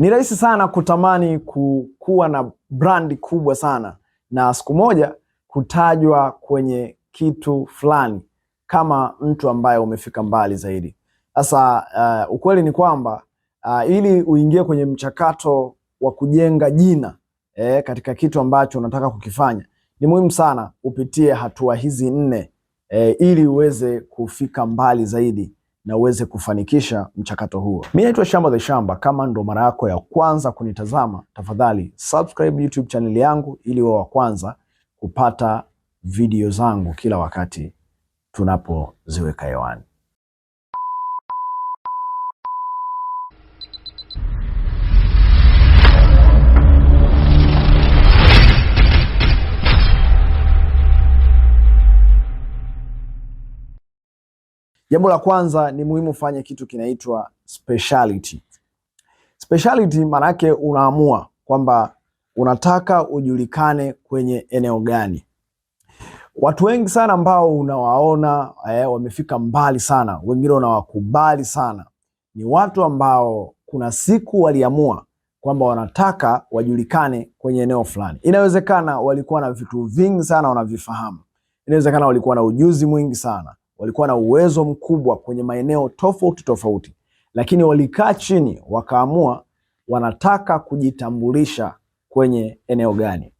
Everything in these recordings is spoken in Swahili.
Ni rahisi sana kutamani kuwa na brandi kubwa sana na siku moja kutajwa kwenye kitu fulani kama mtu ambaye umefika mbali zaidi. Sasa uh, ukweli ni kwamba uh, ili uingie kwenye mchakato wa kujenga jina eh, katika kitu ambacho unataka kukifanya ni muhimu sana upitie hatua hizi nne eh, ili uweze kufika mbali zaidi na uweze kufanikisha mchakato huo. Mimi naitwa Shamba the Shamba. Kama ndo mara yako ya kwanza kunitazama, tafadhali subscribe YouTube channel yangu ili wa kwanza kupata video zangu kila wakati tunapoziweka hewani. Jambo la kwanza ni muhimu fanye kitu kinaitwa speciality. Speciality maanake unaamua kwamba unataka ujulikane kwenye eneo gani. Watu wengi sana ambao unawaona eh, wamefika mbali sana, wengine unawakubali sana, ni watu ambao kuna siku waliamua kwamba wanataka wajulikane kwenye eneo fulani. Inawezekana walikuwa na vitu vingi sana wanavifahamu, inawezekana walikuwa na ujuzi mwingi sana walikuwa na uwezo mkubwa kwenye maeneo tofauti tofauti, lakini walikaa chini wakaamua wanataka kujitambulisha kwenye eneo gani.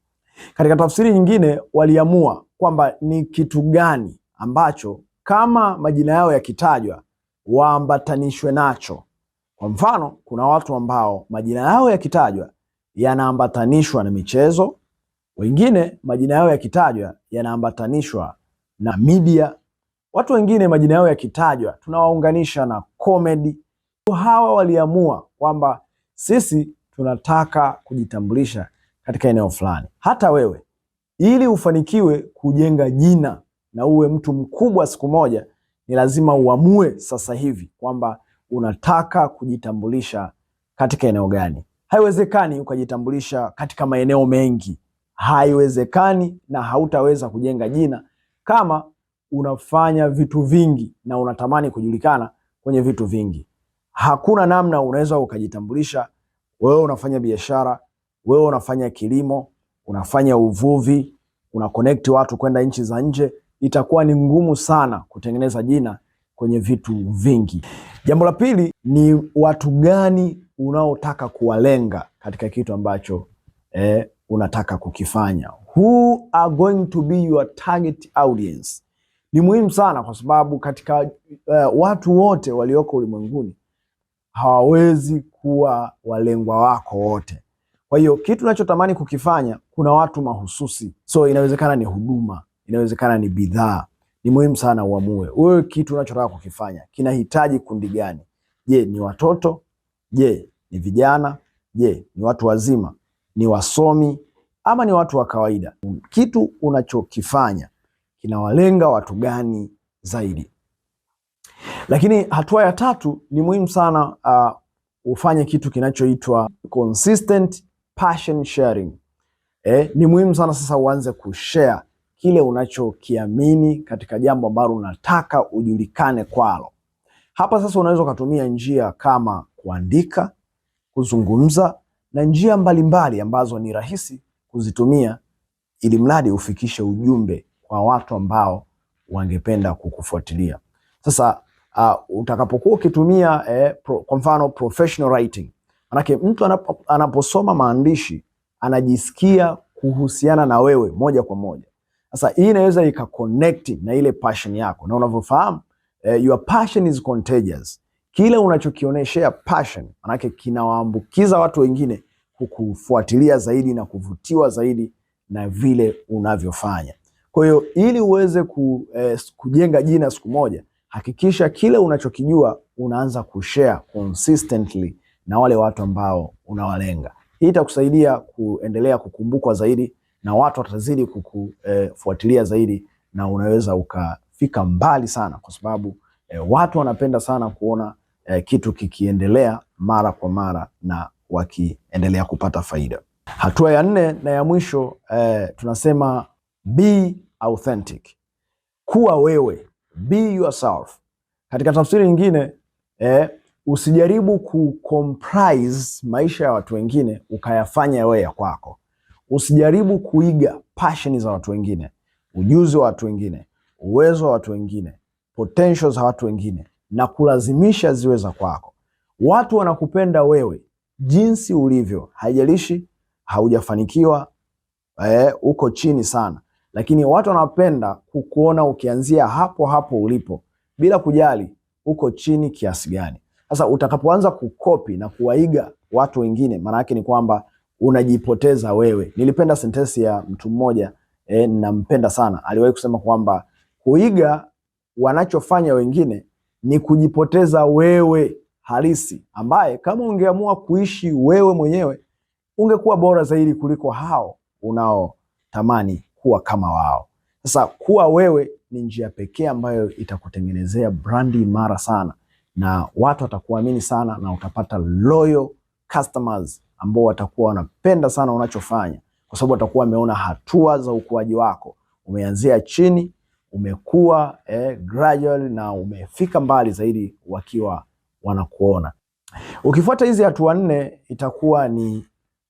Katika tafsiri nyingine, waliamua kwamba ni kitu gani ambacho kama majina yao yakitajwa waambatanishwe nacho. Kwa mfano, kuna watu ambao majina yao yakitajwa yanaambatanishwa na michezo, wengine majina yao yakitajwa yanaambatanishwa na media Watu wengine majina yao yakitajwa tunawaunganisha na comedy. Hawa waliamua kwamba sisi tunataka kujitambulisha katika eneo fulani. Hata wewe ili ufanikiwe kujenga jina na uwe mtu mkubwa siku moja, ni lazima uamue sasa hivi kwamba unataka kujitambulisha katika eneo gani. Haiwezekani ukajitambulisha katika maeneo mengi, haiwezekani, na hautaweza kujenga jina kama unafanya vitu vingi na unatamani kujulikana kwenye vitu vingi. Hakuna namna unaweza ukajitambulisha wewe unafanya biashara, wewe unafanya kilimo, unafanya uvuvi, una connect watu kwenda nchi za nje, itakuwa ni ngumu sana kutengeneza jina kwenye vitu vingi. Jambo la pili ni watu gani unaotaka kuwalenga katika kitu ambacho eh, unataka kukifanya. Who are going to be your target audience? ni muhimu sana, kwa sababu katika uh, watu wote walioko ulimwenguni hawawezi kuwa walengwa wako wote. Kwa hiyo kitu unachotamani kukifanya, kuna watu mahususi, so inawezekana ni huduma, inawezekana ni bidhaa. Ni muhimu sana uamue wewe kitu unachotaka kukifanya kinahitaji kundi gani. Je, ni watoto? Je, ni vijana? Je, ni watu wazima? Ni wasomi ama ni watu wa kawaida? Kitu unachokifanya kinawalenga watu gani zaidi. Lakini hatua ya tatu ni muhimu sana, uh, ufanye kitu kinachoitwa consistent passion sharing. Eh, ni muhimu sana sasa uanze kushare kile unachokiamini katika jambo ambalo unataka ujulikane kwalo. Hapa sasa unaweza ukatumia njia kama kuandika, kuzungumza na njia mbalimbali mbali ambazo ni rahisi kuzitumia ili mradi ufikishe ujumbe kwa watu ambao wangependa kukufuatilia. Sasa uh, utakapokuwa ukitumia eh, pro, kwa mfano professional writing, manake mtu anapo, anaposoma maandishi anajisikia kuhusiana na wewe moja kwa moja. Sasa hii inaweza ika connect na ile passion yako, na unavyofahamu eh, your passion is contagious. Kile unachokioneshea passion manake kinawaambukiza watu wengine kukufuatilia zaidi na kuvutiwa zaidi na vile unavyofanya. Kwa hiyo ili uweze ku, eh, kujenga jina siku moja, hakikisha kile unachokijua unaanza kushare consistently na wale watu ambao unawalenga. Hii itakusaidia kuendelea kukumbukwa zaidi na watu watazidi kukufuatilia eh, zaidi na unaweza ukafika mbali sana, kwa sababu eh, watu wanapenda sana kuona eh, kitu kikiendelea mara kwa mara na wakiendelea kupata faida. Hatua ya nne na ya mwisho eh, tunasema Be authentic. Kuwa wewe, be yourself. Katika tafsiri nyingine eh, usijaribu kucomprise maisha ya watu wengine ukayafanya wewe ya kwako. Usijaribu kuiga passion za watu wengine, ujuzi wa watu wengine, uwezo wa watu wengine, potential za watu wengine na kulazimisha ziwe za kwako. Watu wanakupenda wewe jinsi ulivyo, haijalishi haujafanikiwa, eh, uko chini sana lakini watu wanapenda kukuona ukianzia hapo hapo ulipo bila kujali uko chini kiasi gani. Sasa utakapoanza kukopi na kuwaiga watu wengine, maana yake ni kwamba unajipoteza wewe. Nilipenda sentensi ya mtu mmoja e, nampenda sana, aliwahi kusema kwamba kuiga wanachofanya wengine ni kujipoteza wewe halisi, ambaye kama ungeamua kuishi wewe mwenyewe ungekuwa bora zaidi kuliko hao unaotamani kuwa kama wao. Sasa kuwa wewe ni njia pekee ambayo itakutengenezea brandi imara sana, na watu watakuamini sana, na utapata loyal customers ambao watakuwa wanapenda sana unachofanya, kwa sababu watakuwa wameona hatua za ukuaji wako. Umeanzia chini, umekuwa eh, gradual na umefika mbali zaidi wakiwa wanakuona. Ukifuata hizi hatua nne itakuwa ni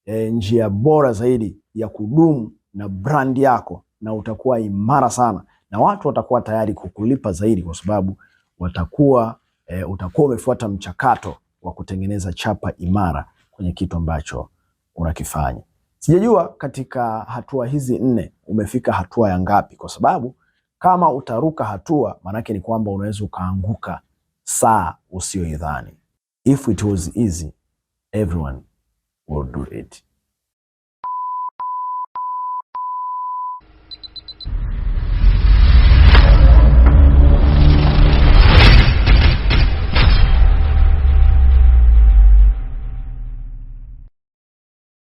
eh, njia bora zaidi ya kudumu na brandi yako, na utakuwa imara sana, na watu watakuwa tayari kukulipa zaidi, kwa sababu watakuwa e, utakuwa umefuata mchakato wa kutengeneza chapa imara kwenye kitu ambacho unakifanya. Sijajua katika hatua hizi nne umefika hatua ya ngapi, kwa sababu kama utaruka hatua, maanake ni kwamba unaweza ukaanguka saa usiyoidhani. If it was easy everyone would do it.